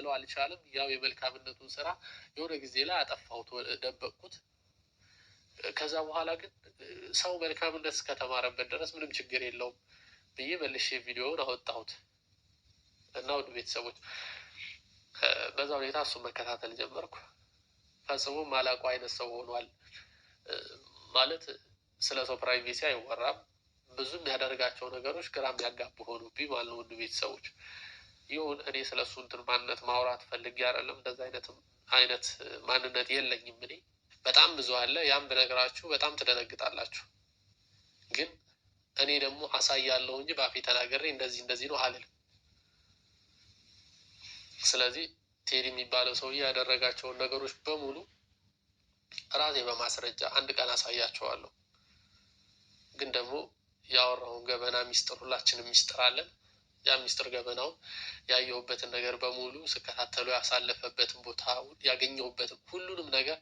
ልቀበለው አልቻለም። ያው የመልካምነቱን ስራ የሆነ ጊዜ ላይ አጠፋሁት፣ ደበቅኩት። ከዛ በኋላ ግን ሰው መልካምነት እስከተማረበት ድረስ ምንም ችግር የለውም ብዬ መልሼ ቪዲዮውን አወጣሁት እና ውድ ቤተሰቦች በዛ ሁኔታ እሱ መከታተል ጀመርኩ። ፈጽሞ ማላውቀው አይነት ሰው ሆኗል። ማለት ስለ ሰው ፕራይቬሲ አይወራም። ብዙ የሚያደርጋቸው ነገሮች ግራ የሚያጋቡ ሆኑብኝ ማለት ነው ውድ ቤተሰቦች ይሁን እኔ ስለ እሱ እንትን ማንነት ማውራት ፈልጌ አይደለም። እንደዚ አይነት አይነት ማንነት የለኝም እኔ። በጣም ብዙ አለ። ያም ብነግራችሁ በጣም ትደነግጣላችሁ። ግን እኔ ደግሞ አሳያለሁ እንጂ በአፌ ተናገሬ እንደዚህ እንደዚህ ነው አልልም። ስለዚህ ቴዲ የሚባለው ሰውዬ ያደረጋቸውን ነገሮች በሙሉ ራሴ በማስረጃ አንድ ቀን አሳያቸዋለሁ። ግን ደግሞ ያወራውን ገበና ሚስጥር ሁላችንም ሚስጥር አለን። ያ ሚስጥር ገበናውን ያየሁበትን ነገር በሙሉ ስከታተሉ ያሳለፈበትን ቦታ ያገኘሁበትን ሁሉንም ነገር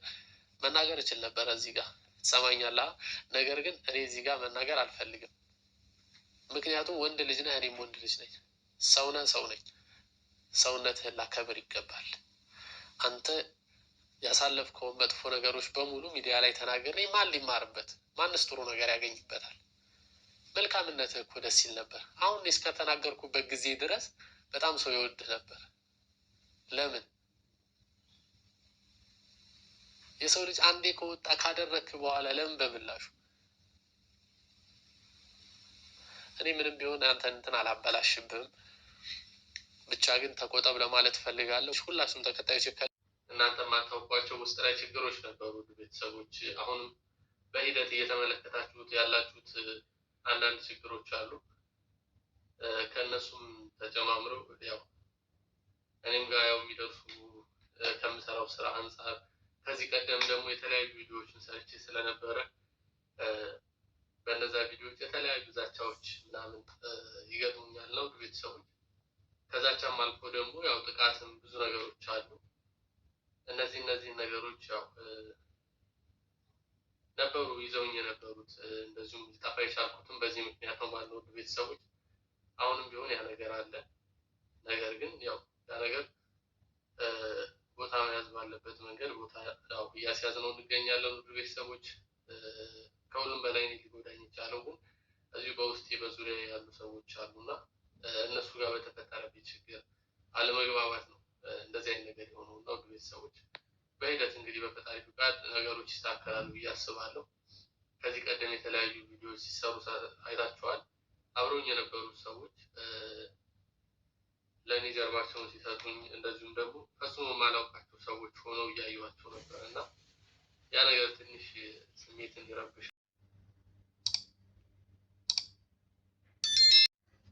መናገር እችል ነበረ እዚህ ጋር ትሰማኛለህ። ነገር ግን እኔ እዚህ ጋር መናገር አልፈልግም። ምክንያቱም ወንድ ልጅ ነህ፣ እኔም ወንድ ልጅ ነኝ። ሰውነ ሰው ነኝ። ሰውነትህን ላከብር ይገባል። አንተ ያሳለፍከውን መጥፎ ነገሮች በሙሉ ሚዲያ ላይ ተናገር። ማን ሊማርበት? ማንስ ጥሩ ነገር ያገኝበታል? መልካምነትህ እኮ ደስ ይል ነበር። አሁን እስከተናገርኩበት ጊዜ ድረስ በጣም ሰው ይወድህ ነበር። ለምን? የሰው ልጅ አንዴ ከወጣ ካደረክ በኋላ ለምን በምላሹ እኔ ምንም ቢሆን አንተ እንትን አላበላሽብህም። ብቻ ግን ተቆጠብ ለማለት እፈልጋለሁ። ሁላችሁም ተከታዮች እናንተ የማታውቋቸው ውስጥ ላይ ችግሮች ነበሩ ቤተሰቦች አሁን በሂደት እየተመለከታችሁት ያላችሁት አንዳንድ ችግሮች አሉ። ከእነሱም ተጨማምረው ያው እኔም ጋር ያው የሚደርሱ ከምሰራው ስራ አንጻር ከዚህ ቀደም ደግሞ የተለያዩ ቪዲዮዎችን ሰርቼ ስለነበረ በእነዛ ቪዲዮዎች የተለያዩ ዛቻዎች ምናምን ይገጥሙኛል ነው ቤተሰቦች። ከዛቻም አልፎ ደግሞ ያው ጥቃትም ብዙ ነገሮች አሉ። እነዚህ እነዚህን ነገሮች ያው ነበሩ ይዘውኝ የነበሩት። እንደዚሁም ልጠፋ የቻልኩትም በዚህ ምክንያት ነው ባለው ቤተሰቦች። አሁንም ቢሆን ያ ነገር አለ። ነገር ግን ያው ያ ነገር ቦታ መያዝ ባለበት መንገድ ቦታ ያው እያስያዝ ነው እንገኛለን። ውድ ቤተሰቦች ከሁሉም በላይ ነው ሊጎዳኝ የቻለው ግን እዚሁ በውስጤ በዙሪያ ያሉ ሰዎች አሉና እነሱ ጋር በተፈጠረብኝ ችግር አለመግባባት ነው እንደዚህ አይነት ነገር የሆነው እና ውድ ቤተሰቦች በሂደት እንግዲህ በፈጣሪ ፍቃድ ነገሮች ይስተካከላሉ ብዬ አስባለሁ። ከዚህ ቀደም የተለያዩ ቪዲዮዎች ሲሰሩ አይታችኋል። አብረውኝ የነበሩ ሰዎች ለእኔ ጀርባቸውን ሲሰጡኝ፣ እንደዚሁም ደግሞ ፈጽሞ የማላውቃቸው ሰዎች ሆነው እያየኋቸው ነበር እና ያ ነገር ትንሽ ስሜትን ይረብሻል።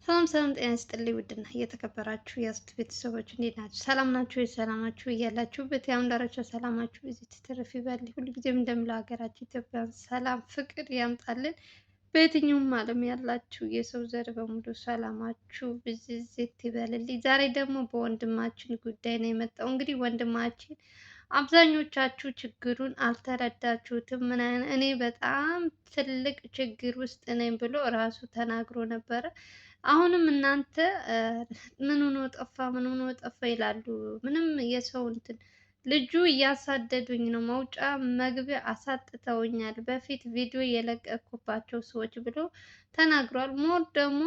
ሰላም ሰላም፣ ጤና ይስጥልኝ ውድና እየተከበራችሁ የያዙት ቤተሰቦች እንዴት ናችሁ? ሰላም ናችሁ? የሰላማችሁ እያላችሁበት ያሁን ዳራቻ ሰላማችሁ እዚህ ትትረፍ ይበል። ሁልጊዜም እንደምለው ሀገራችን ኢትዮጵያን ሰላም ፍቅር ያምጣልን። በየትኛውም ዓለም ያላችሁ የሰው ዘር በሙሉ ሰላማችሁ ብዝዝት ይበልልኝ። ዛሬ ደግሞ በወንድማችን ጉዳይ ነው የመጣው። እንግዲህ ወንድማችን አብዛኞቻችሁ ችግሩን አልተረዳችሁትም። ምን እኔ በጣም ትልቅ ችግር ውስጥ ነኝ ብሎ ራሱ ተናግሮ ነበረ። አሁንም እናንተ ምን ሆኖ ጠፋ፣ ምን ሆኖ ጠፋ ይላሉ። ምንም የሰው እንትን ልጁ እያሳደዱኝ ነው፣ መውጫ መግቢያ አሳጥተውኛል፣ በፊት ቪዲዮ የለቀኩባቸው ሰዎች ብሎ ተናግሯል። ሞር ደግሞ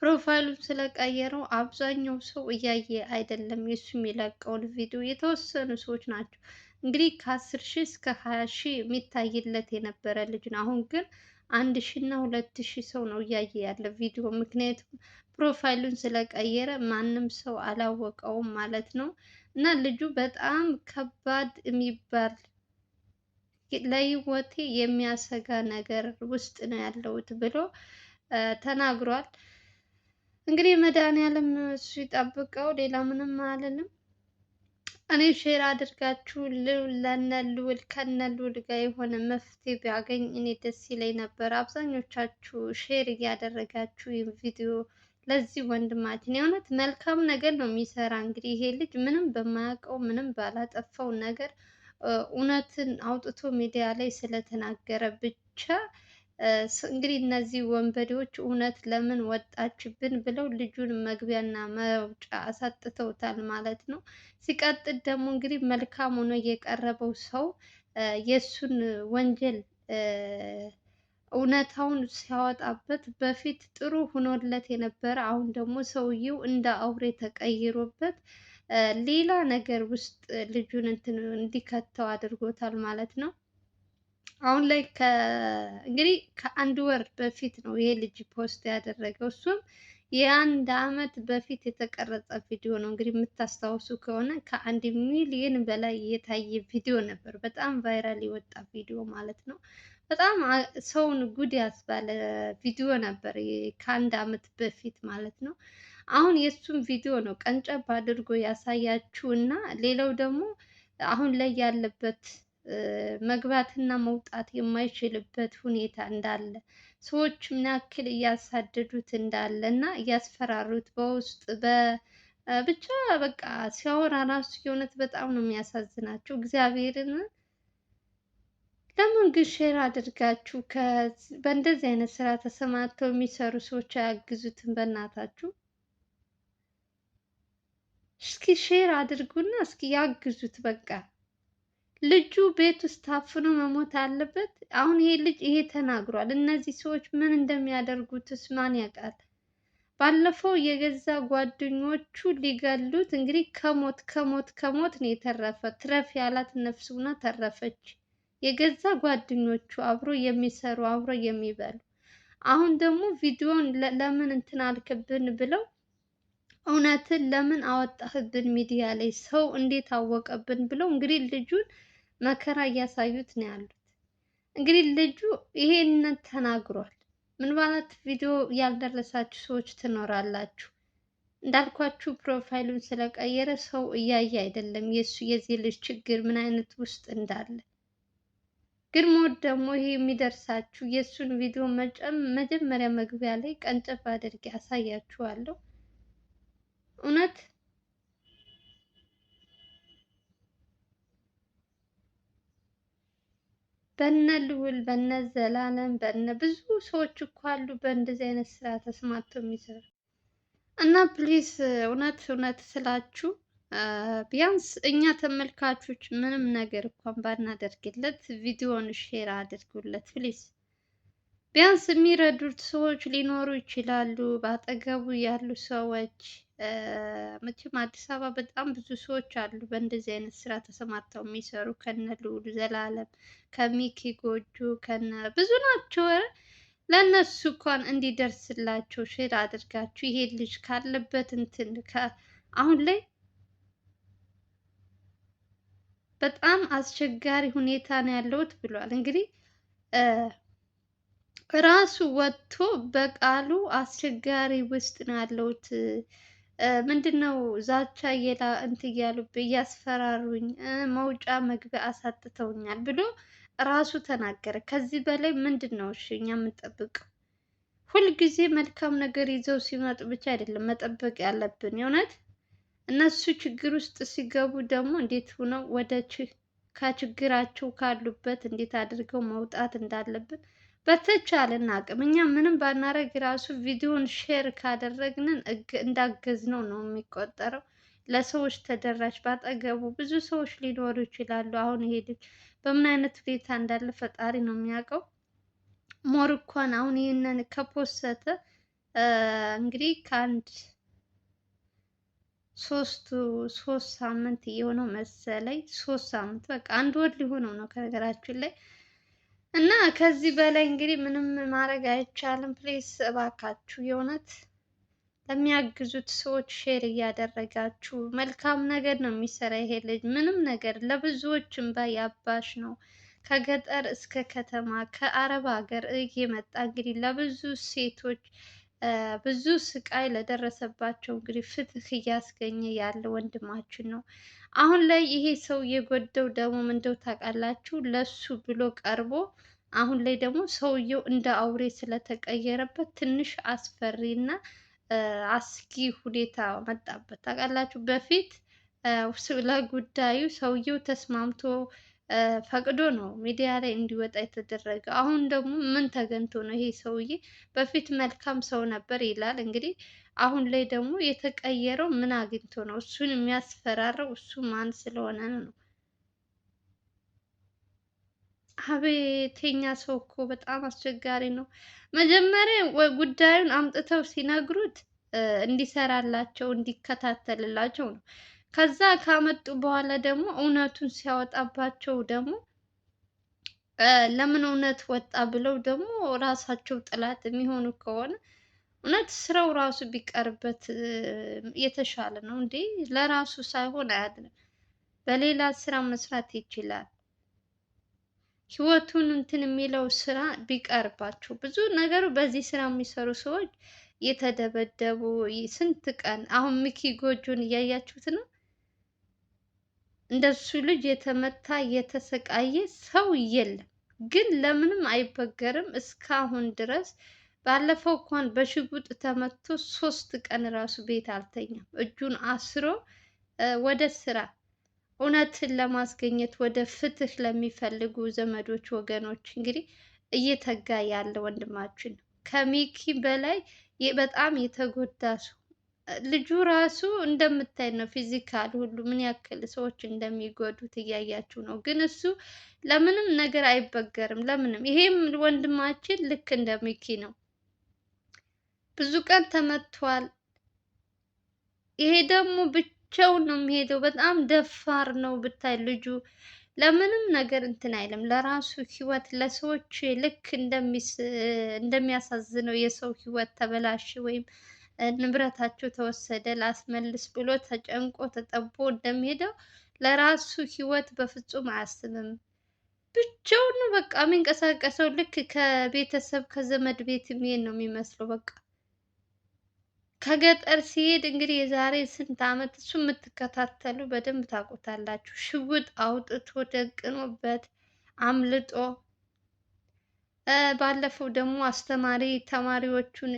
ፕሮፋይሉን ስለቀየረው አብዛኛው ሰው እያየ አይደለም። የሱ የሚለቀውን ቪዲዮ የተወሰኑ ሰዎች ናቸው። እንግዲህ ከአስር ሺህ እስከ ሀያ ሺህ የሚታይለት የነበረ ልጅ ነው። አሁን ግን አንድ ሺ እና ሁለት ሺ ሰው ነው እያየ ያለ ቪዲዮ። ምክንያቱም ፕሮፋይሉን ስለቀየረ ማንም ሰው አላወቀውም ማለት ነው። እና ልጁ በጣም ከባድ የሚባል ለሕይወቴ የሚያሰጋ ነገር ውስጥ ነው ያለሁት ብሎ ተናግሯል። እንግዲህ መድኃኒዓለም እሱ ይጠብቀው። ሌላ ምንም አልልም። እኔ ሼር አድርጋችሁ ለነ ከነልውል ከነ ልዑል ጋር የሆነ መፍትሄ ቢያገኝ እኔ ደስ ይለኝ ነበር። አብዛኞቻችሁ ሼር እያደረጋችሁ ይህን ቪዲዮ ለዚህ ወንድማችን የእውነት መልካም ነገር ነው የሚሰራ። እንግዲህ ይሄ ልጅ ምንም በማያውቀው ምንም ባላጠፋው ነገር እውነትን አውጥቶ ሚዲያ ላይ ስለተናገረ ብቻ እንግዲህ እነዚህ ወንበዴዎች እውነት ለምን ወጣችብን ብለው ልጁን መግቢያና መውጫ አሳጥተውታል ማለት ነው። ሲቀጥል ደግሞ እንግዲህ መልካም ሆኖ የቀረበው ሰው የእሱን ወንጀል እውነታውን ሲያወጣበት በፊት ጥሩ ሆኖለት የነበረ አሁን ደግሞ ሰውየው እንደ አውሬ ተቀይሮበት ሌላ ነገር ውስጥ ልጁን እንትን እንዲከተው አድርጎታል ማለት ነው። አሁን ላይ እንግዲህ ከአንድ ወር በፊት ነው ይሄ ልጅ ፖስት ያደረገው። እሱም የአንድ አመት በፊት የተቀረጸ ቪዲዮ ነው። እንግዲህ የምታስታውሱ ከሆነ ከአንድ ሚሊዮን በላይ የታየ ቪዲዮ ነበር። በጣም ቫይራል የወጣ ቪዲዮ ማለት ነው። በጣም ሰውን ጉድ ያስባለ ቪዲዮ ነበር ከአንድ አመት በፊት ማለት ነው። አሁን የእሱም ቪዲዮ ነው ቀንጨብ አድርጎ ያሳያችሁ እና ሌላው ደግሞ አሁን ላይ ያለበት መግባትና መውጣት የማይችልበት ሁኔታ እንዳለ ሰዎች ምን ያክል እያሳደዱት እንዳለ እና እያስፈራሩት በውስጥ ብቻ በቃ ሲያወራ ራሱ የእውነት በጣም ነው የሚያሳዝናቸው። እግዚአብሔርን ለምን ግን ሼር አድርጋችሁ በእንደዚህ አይነት ስራ ተሰማርተው የሚሰሩ ሰዎች አያግዙትም? በእናታችሁ እስኪ ሼር አድርጉና እስኪ ያግዙት በቃ ልጁ ቤት ውስጥ ታፍኖ መሞት አለበት። አሁን ይሄ ልጅ ይሄ ተናግሯል። እነዚህ ሰዎች ምን እንደሚያደርጉትስ ማን ያውቃል? ባለፈው የገዛ ጓደኞቹ ሊገሉት እንግዲህ ከሞት ከሞት ከሞት ነው የተረፈ። ትረፍ ያላት ነፍስ ሆና ተረፈች። የገዛ ጓደኞቹ አብሮ የሚሰሩ አብሮ የሚበሉ አሁን ደግሞ ቪዲዮን ለምን እንትን አልክብን ብለው እውነትን ለምን አወጣህብን ሚዲያ ላይ ሰው እንዴት አወቀብን ብለው እንግዲህ ልጁን መከራ እያሳዩት ነው ያሉት። እንግዲህ ልጁ ይሄንን ተናግሯል። ምናልባት ቪዲዮ ያልደረሳችሁ ሰዎች ትኖራላችሁ። እንዳልኳችሁ ፕሮፋይሉን ስለቀየረ ሰው እያየ አይደለም የሱ የዚህ ልጅ ችግር ምን አይነት ውስጥ እንዳለ። ግን ሞት ደግሞ ይሄ የሚደርሳችሁ የእሱን ቪዲዮ መጀመሪያ መግቢያ ላይ ቀንጭፍ አድርጌ አሳያችኋለሁ እውነት በነ ልዑል በነ ዘላለም በነ ብዙ ሰዎች እኮ አሉ በእንደዚህ አይነት ስራ ተሰማርተው የሚሰሩ እና ፕሊስ እውነት እውነት ስላችሁ ቢያንስ እኛ ተመልካቾች ምንም ነገር እንኳን ባናደርግለት ቪዲዮውን ሼር አድርጉለት ፕሊስ። ቢያንስ የሚረዱት ሰዎች ሊኖሩ ይችላሉ፣ በአጠገቡ ያሉ ሰዎች መቼም አዲስ አበባ በጣም ብዙ ሰዎች አሉ በእንደዚህ አይነት ስራ ተሰማርተው የሚሰሩ ከነ ልዑል ዘላለም ከሚኪ ጎጆ ከነ ብዙ ናቸው። ለእነሱ እንኳን እንዲደርስላቸው ሼር አድርጋችሁ ይሄ ልጅ ካለበት እንትን አሁን ላይ በጣም አስቸጋሪ ሁኔታ ነው ያለውት ብሏል። እንግዲህ ራሱ ወጥቶ በቃሉ አስቸጋሪ ውስጥ ነው ያለውት ምንድን ነው ዛቻ እየላ እንት እያሉብ እያስፈራሩኝ መውጫ መግቢያ አሳጥተውኛል ብሎ ራሱ ተናገረ። ከዚህ በላይ ምንድን ነው እሺ እኛ የምንጠብቀው? ሁልጊዜ መልካም ነገር ይዘው ሲመጡ ብቻ አይደለም መጠበቅ ያለብን። የእውነት እነሱ ችግር ውስጥ ሲገቡ ደግሞ እንዴት ሆነው ወደ ከችግራቸው ካሉበት እንዴት አድርገው መውጣት እንዳለብን በተቻለን አቅም እኛ ምንም ባናረግ ራሱ ቪዲዮን ሼር ካደረግንን እንዳገዝነው ነው የሚቆጠረው። ለሰዎች ተደራሽ ባጠገቡ ብዙ ሰዎች ሊኖሩ ይችላሉ። አሁን ይሄ ልጅ በምን አይነት ሁኔታ እንዳለ ፈጣሪ ነው የሚያውቀው። ሞር እንኳን አሁን ይህንን ከፖሰተ እንግዲህ ከአንድ ሶስቱ ሶስት ሳምንት እየሆነው መሰለኝ ሶስት ሳምንት በቃ አንድ ወር ሊሆነው ነው ከነገራችን ላይ እና ከዚህ በላይ እንግዲህ ምንም ማድረግ አይቻልም። ፕሌስ እባካችሁ የእውነት ለሚያግዙት ሰዎች ሼር እያደረጋችሁ መልካም ነገር ነው የሚሰራ ይሄ ልጅ ምንም ነገር ለብዙዎች እንባ ያባሽ ነው። ከገጠር እስከ ከተማ ከአረብ ሀገር እየመጣ እንግዲህ ለብዙ ሴቶች ብዙ ስቃይ ለደረሰባቸው እንግዲህ ፍትህ እያስገኘ ያለ ወንድማችን ነው። አሁን ላይ ይሄ ሰው የጎደው ደግሞ ምንድነው ታውቃላችሁ? ለሱ ብሎ ቀርቦ አሁን ላይ ደግሞ ሰውየው እንደ አውሬ ስለተቀየረበት ትንሽ አስፈሪ እና አስጊ ሁኔታ መጣበት። ታውቃላችሁ በፊት ለጉዳዩ ሰውየው ተስማምቶ ፈቅዶ ነው ሚዲያ ላይ እንዲወጣ የተደረገ። አሁን ደግሞ ምን ተገንቶ ነው ይሄ ሰውዬ? በፊት መልካም ሰው ነበር ይላል እንግዲህ። አሁን ላይ ደግሞ የተቀየረው ምን አግኝቶ ነው? እሱን የሚያስፈራረው እሱ ማን ስለሆነ ነው? አቤተኛ ሰው እኮ በጣም አስቸጋሪ ነው። መጀመሪያ ጉዳዩን አምጥተው ሲነግሩት እንዲሰራላቸው እንዲከታተልላቸው ነው። ከዛ ካመጡ በኋላ ደግሞ እውነቱን ሲያወጣባቸው ደግሞ ለምን እውነት ወጣ ብለው ደግሞ ራሳቸው ጥላት የሚሆኑ ከሆነ እውነት ስራው ራሱ ቢቀርበት የተሻለ ነው እንዴ! ለራሱ ሳይሆን አያድንም፣ በሌላ ስራ መስራት ይችላል። ህይወቱን እንትን የሚለው ስራ ቢቀርባቸው ብዙ ነገሩ በዚህ ስራ የሚሰሩ ሰዎች የተደበደቡ ስንት ቀን አሁን ሚኪ ጎጆን እያያችሁት ነው። እንደሱ ልጅ የተመታ የተሰቃየ ሰው የለም። ግን ለምንም አይበገርም። እስካሁን ድረስ ባለፈው እንኳን በሽጉጥ ተመቶ ሶስት ቀን ራሱ ቤት አልተኛም። እጁን አስሮ ወደ ስራ እውነትን ለማስገኘት ወደ ፍትህ ለሚፈልጉ ዘመዶች፣ ወገኖች እንግዲህ እየተጋ ያለ ወንድማችን ከሚኪ በላይ በጣም የተጎዳ ሰው ልጁ ራሱ እንደምታይ ነው ፊዚካል ሁሉ ምን ያክል ሰዎች እንደሚጎዱት እያያችሁ ነው። ግን እሱ ለምንም ነገር አይበገርም፣ ለምንም። ይሄም ወንድማችን ልክ እንደ ሚኪ ነው። ብዙ ቀን ተመቷል። ይሄ ደግሞ ብቻውን ነው የሚሄደው። በጣም ደፋር ነው ብታይ ልጁ ለምንም ነገር እንትን አይልም። ለራሱ ህይወት ለሰዎች ልክ እንደሚያሳዝነው የሰው ህይወት ተበላሽ ወይም ንብረታቸው ተወሰደ ላስመልስ ብሎ ተጨንቆ ተጠቦ እንደሚሄደው ለራሱ ህይወት በፍጹም አያስብም። ብቻውን በቃ የሚንቀሳቀሰው ልክ ከቤተሰብ ከዘመድ ቤት የሚሄድ ነው የሚመስለው። በቃ ከገጠር ሲሄድ እንግዲህ የዛሬ ስንት ዓመት እሱ የምትከታተሉ በደንብ ታውቁታላችሁ። ሽውጥ አውጥቶ ደቅኖበት አምልጦ ባለፈው ደግሞ አስተማሪ ተማሪዎቹን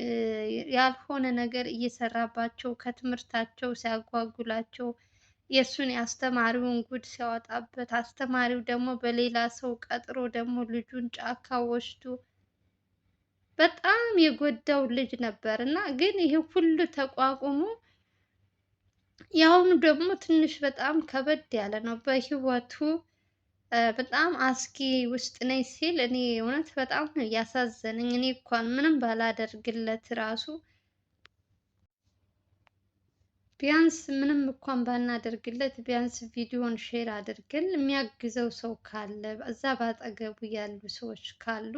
ያልሆነ ነገር እየሰራባቸው ከትምህርታቸው ሲያጓጉላቸው የእሱን የአስተማሪውን ጉድ ሲያወጣበት አስተማሪው ደግሞ በሌላ ሰው ቀጥሮ ደግሞ ልጁን ጫካ ወስዶ በጣም የጎዳው ልጅ ነበር እና ግን ይሄ ሁሉ ተቋቁሞ ያሁኑ ደግሞ ትንሽ በጣም ከበድ ያለ ነው በህይወቱ በጣም አስኪ ውስጥ ነኝ ሲል እኔ እውነት በጣም ነው እያሳዘነኝ። እኔ እንኳን ምንም ባላደርግለት ራሱ ቢያንስ ምንም እንኳን ባናደርግለት ቢያንስ ቪዲዮን ሼር አድርገን የሚያግዘው ሰው ካለ እዛ ባጠገቡ ያሉ ሰዎች ካሉ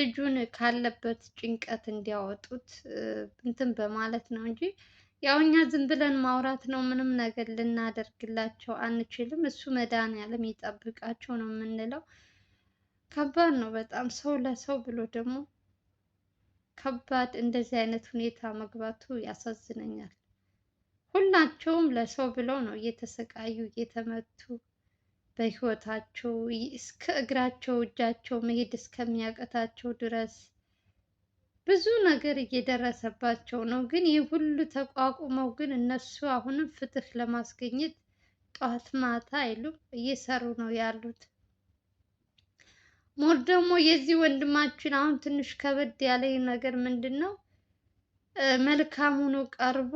ልጁን ካለበት ጭንቀት እንዲያወጡት እንትን በማለት ነው እንጂ ያው እኛ ዝም ብለን ማውራት ነው። ምንም ነገር ልናደርግላቸው አንችልም። እሱ መድኃኒዓለም ይጠብቃቸው ነው የምንለው። ከባድ ነው በጣም ሰው ለሰው ብሎ ደግሞ ከባድ እንደዚህ አይነት ሁኔታ መግባቱ ያሳዝነኛል። ሁላቸውም ለሰው ብለው ነው እየተሰቃዩ እየተመቱ በህይወታቸው እስከ እግራቸው እጃቸው መሄድ እስከሚያቀታቸው ድረስ ብዙ ነገር እየደረሰባቸው ነው። ግን ይህ ሁሉ ተቋቁመው ግን እነሱ አሁንም ፍትህ ለማስገኘት ጠዋት ማታ አይሉም እየሰሩ ነው ያሉት። ሞር ደግሞ የዚህ ወንድማችን አሁን ትንሽ ከበድ ያለ ነገር ምንድን ነው መልካም ሆኖ ቀርቦ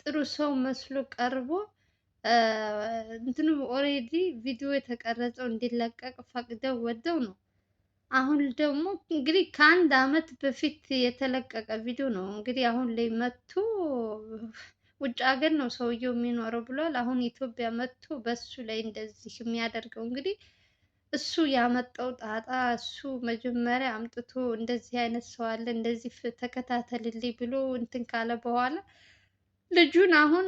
ጥሩ ሰው መስሎ ቀርቦ እንትኑ ኦልሬዲ ቪዲዮ የተቀረጸው እንዲለቀቅ ፈቅደው ወደው ነው አሁን ደግሞ እንግዲህ ከአንድ አመት በፊት የተለቀቀ ቪዲዮ ነው። እንግዲህ አሁን ላይ መጥቶ ውጭ ሀገር ነው ሰውየው የሚኖረው ብሏል። አሁን ኢትዮጵያ መጥቶ በሱ ላይ እንደዚህ የሚያደርገው እንግዲህ እሱ ያመጣው ጣጣ፣ እሱ መጀመሪያ አምጥቶ እንደዚህ አይነት ሰው አለ እንደዚህ ተከታተልልኝ ብሎ እንትን ካለ በኋላ ልጁን አሁን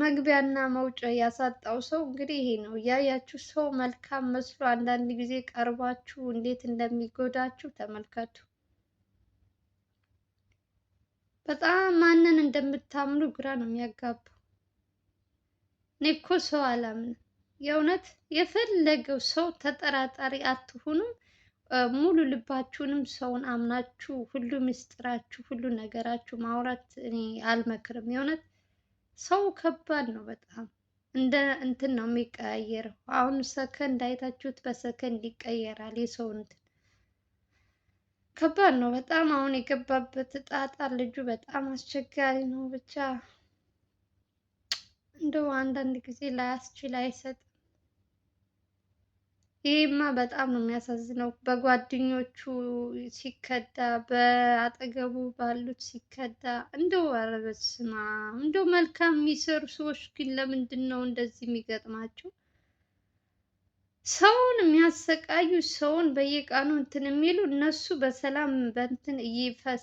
መግቢያና መውጫ ያሳጣው ሰው እንግዲህ ይሄ ነው። እያያችሁ ሰው መልካም መስሎ አንዳንድ ጊዜ ቀርባችሁ እንዴት እንደሚጎዳችሁ ተመልከቱ። በጣም ማንን እንደምታምኑ ግራ ነው የሚያጋባው። እኔ እኮ ሰው አላምንም። የእውነት የፈለገው ሰው ተጠራጣሪ አትሆኑም። ሙሉ ልባችሁንም ሰውን አምናችሁ ሁሉ ምስጢራችሁ ሁሉ ነገራችሁ ማውራት እኔ አልመክርም። የእውነት ሰው ከባድ ነው በጣም እንደ እንትን ነው የሚቀያየረው። አሁን ሰከንድ አይታችሁት በሰከንድ ይቀየራል የሰው እንትን ከባድ ነው በጣም። አሁን የገባበት ጣጣ ልጁ በጣም አስቸጋሪ ነው። ብቻ እንደው አንዳንድ ጊዜ ላያስችል አይሰጥ ይሄማ በጣም ነው የሚያሳዝነው። በጓደኞቹ ሲከዳ፣ በአጠገቡ ባሉት ሲከዳ፣ እንደው ኧረ በስመ አብ እንደው መልካም የሚሰሩ ሰዎች ግን ለምንድን ነው እንደዚህ የሚገጥማቸው? ሰውን የሚያሰቃዩ ሰውን በየቀኑ እንትን የሚሉ እነሱ በሰላም በእንትን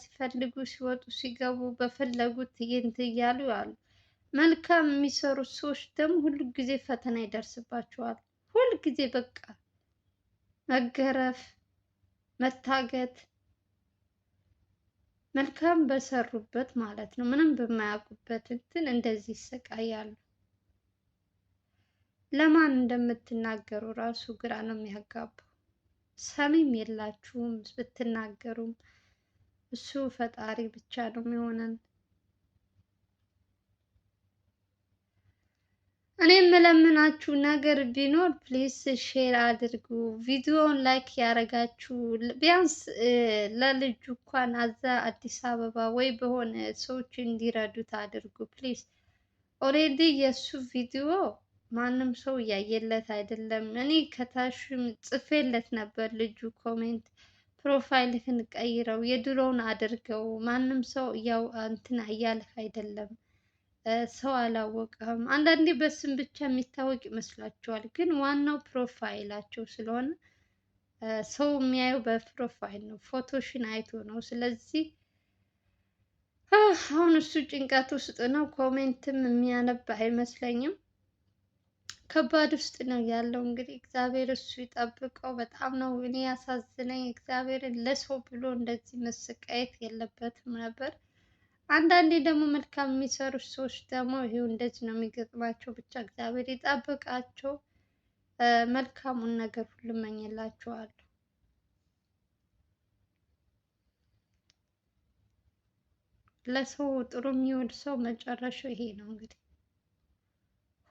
ሲፈልጉ ሲወጡ ሲገቡ በፈለጉት እንትን እያሉ አሉ። መልካም የሚሰሩ ሰዎች ደግሞ ሁሉ ጊዜ ፈተና ይደርስባቸዋል። ሁል ጊዜ በቃ መገረፍ፣ መታገት መልካም በሰሩበት ማለት ነው። ምንም በማያውቁበት እንትን እንደዚህ ይሰቃያሉ። ለማን እንደምትናገሩ ራሱ ግራ ነው የሚያጋባው። ሰሚም የላችሁም ብትናገሩም። እሱ ፈጣሪ ብቻ ነው የሚሆነን። እኔ የምለምናችሁ ነገር ቢኖር ፕሊስ ሼር አድርጉ፣ ቪዲዮውን ላይክ ያደረጋችሁ ቢያንስ ለልጁ እንኳን አዛ አዲስ አበባ ወይ በሆነ ሰዎች እንዲረዱት አድርጉ ፕሊስ። ኦሬዲ የእሱ ቪዲዮ ማንም ሰው እያየለት አይደለም። እኔ ከታሹም ጽፌለት ነበር ልጁ ኮሜንት ፕሮፋይልህን ቀይረው የድሮውን አድርገው ማንም ሰው ያው እንትን እያለህ አይደለም ሰው አላወቀም። አንዳንዴ በስም ብቻ የሚታወቅ ይመስላችኋል፣ ግን ዋናው ፕሮፋይላቸው ስለሆነ ሰው የሚያየው በፕሮፋይል ነው፣ ፎቶሽን አይቶ ነው። ስለዚህ አሁን እሱ ጭንቀት ውስጥ ነው። ኮሜንትም የሚያነብ አይመስለኝም። ከባድ ውስጥ ነው ያለው። እንግዲህ እግዚአብሔር እሱ ይጠብቀው። በጣም ነው እኔ ያሳዝነኝ። እግዚአብሔርን ለሰው ብሎ እንደዚህ መሰቃየት የለበትም ነበር። አንዳንዴ ደግሞ መልካም የሚሰሩ ሰዎች ደግሞ ይሄው እንደዚህ ነው የሚገጥማቸው። ብቻ እግዚአብሔር ይጠብቃቸው። መልካሙን ነገር ሁሉ እመኝላቸዋለሁ። ለሰው ጥሩ የሚወድ ሰው መጨረሻው ይሄ ነው። እንግዲህ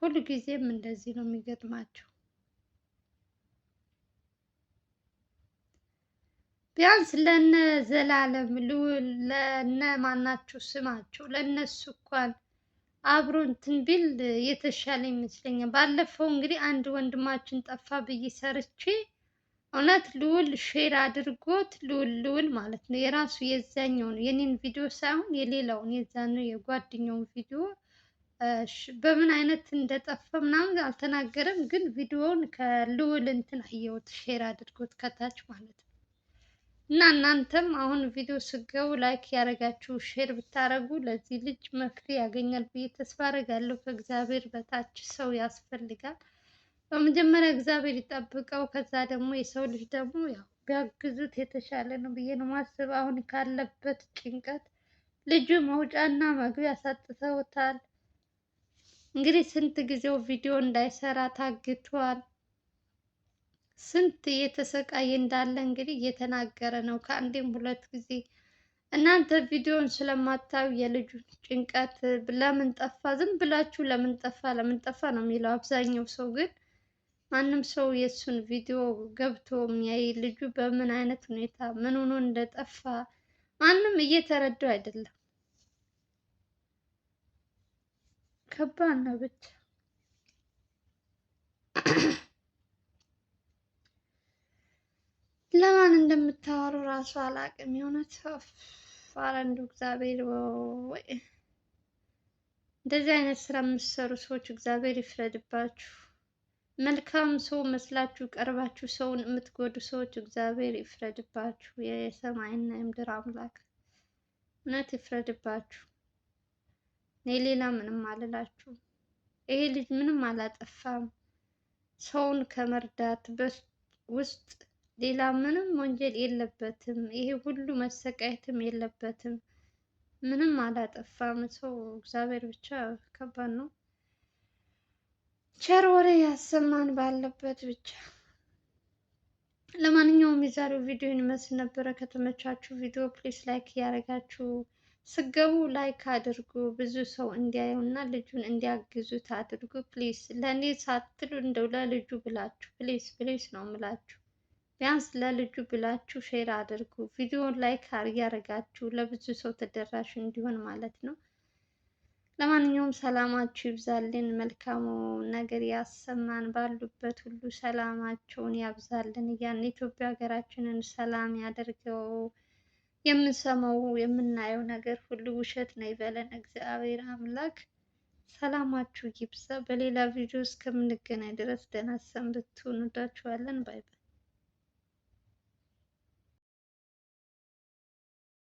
ሁልጊዜም እንደዚህ ነው የሚገጥማቸው። ቢያንስ ለነ ዘላለም ልውል ለነ ማናቸው ስማቸው ለነሱ እንኳን አብሮ እንትን ቢል የተሻለ ይመስለኛል። ባለፈው እንግዲህ አንድ ወንድማችን ጠፋ ብዬ ሰርቼ እውነት ልውል ሼር አድርጎት ልውል ልውል ማለት ነው የራሱ የዛኛው ነው የኔን ቪዲዮ ሳይሆን የሌላውን ነው የጓደኛውን ቪዲዮ በምን አይነት እንደጠፋ ምናምን አልተናገረም፣ ግን ቪዲዮውን ከልውል እንትን አየሁት ሼር አድርጎት ከታች ማለት ነው። እና እናንተም አሁን ቪዲዮ ስገቡ ላይክ ያደረጋችሁ ሼር ብታረጉ ለዚህ ልጅ መፍትሄ ያገኛል ብዬ ተስፋ አደርጋለሁ። ከእግዚአብሔር በታች ሰው ያስፈልጋል። በመጀመሪያ እግዚአብሔር ይጠብቀው። ከዛ ደግሞ የሰው ልጅ ደግሞ ያው ቢያግዙት የተሻለ ነው ብዬ ነው ማስብ። አሁን ካለበት ጭንቀት ልጁ መውጫና መግቢያ ያሳጥተውታል። እንግዲህ ስንት ጊዜው ቪዲዮ እንዳይሰራ ታግቷል። ስንት እየተሰቃየ እንዳለ እንግዲህ እየተናገረ ነው ከአንዴም ሁለት ጊዜ። እናንተ ቪዲዮን ስለማታዩ የልጁ ጭንቀት ለምን ጠፋ፣ ዝም ብላችሁ ለምን ጠፋ ለምን ጠፋ ነው የሚለው አብዛኛው ሰው። ግን ማንም ሰው የእሱን ቪዲዮ ገብቶ የሚያይ ልጁ በምን አይነት ሁኔታ ምን ሆኖ እንደጠፋ ማንም እየተረዳው አይደለም። ከባድ ነው ብቻ ለማን እንደምታወሩ ራሱ አላቅም። የሆነት ፋረንዱ እግዚአብሔር ወይ እንደዚህ አይነት ስራ የምትሰሩ ሰዎች እግዚአብሔር ይፍረድባችሁ። መልካም ሰው መስላችሁ ቀርባችሁ ሰውን የምትጎዱ ሰዎች እግዚአብሔር ይፍረድባችሁ። የሰማይና የምድር አምላክ እውነት ይፍረድባችሁ። እኔ ሌላ ምንም አልላችሁ ይሄ ልጅ ምንም አላጠፋም። ሰውን ከመርዳት ውስጥ ሌላ ምንም ወንጀል የለበትም። ይሄ ሁሉ መሰቃየትም የለበትም። ምንም አላጠፋም ሰው እግዚአብሔር ብቻ። ከባድ ነው። ቸር ወሬ ያሰማን ባለበት ብቻ። ለማንኛውም የዛሬው ቪዲዮ ይመስል ነበረ። ከተመቻችሁ ቪዲዮ ፕሊስ ላይክ እያደረጋችሁ ስገቡ ላይክ አድርጉ። ብዙ ሰው እንዲያየው እና ልጁን እንዲያግዙት አድርጉ ፕሊስ። ለእኔ ሳትሉ እንደው ለልጁ ብላችሁ ፕሊስ ፕሊስ ነው ምላችሁ። ቢያንስ ለልጁ ብላችሁ ሼር አድርጉ። ቪዲዮን ላይክ እያደረጋችሁ ለብዙ ሰው ተደራሽ እንዲሆን ማለት ነው። ለማንኛውም ሰላማችሁ ይብዛልን፣ መልካሙ ነገር ያሰማን፣ ባሉበት ሁሉ ሰላማቸውን ያብዛልን እያን ኢትዮጵያ ሀገራችንን ሰላም ያደርገው። የምንሰማው የምናየው ነገር ሁሉ ውሸት ነው ይበለን እግዚአብሔር አምላክ። ሰላማችሁ ይብዛ። በሌላ ቪዲዮ እስከምንገናኝ ድረስ ደህና ሰንብቱ። እንወዳችኋለን። ባይ ባይ።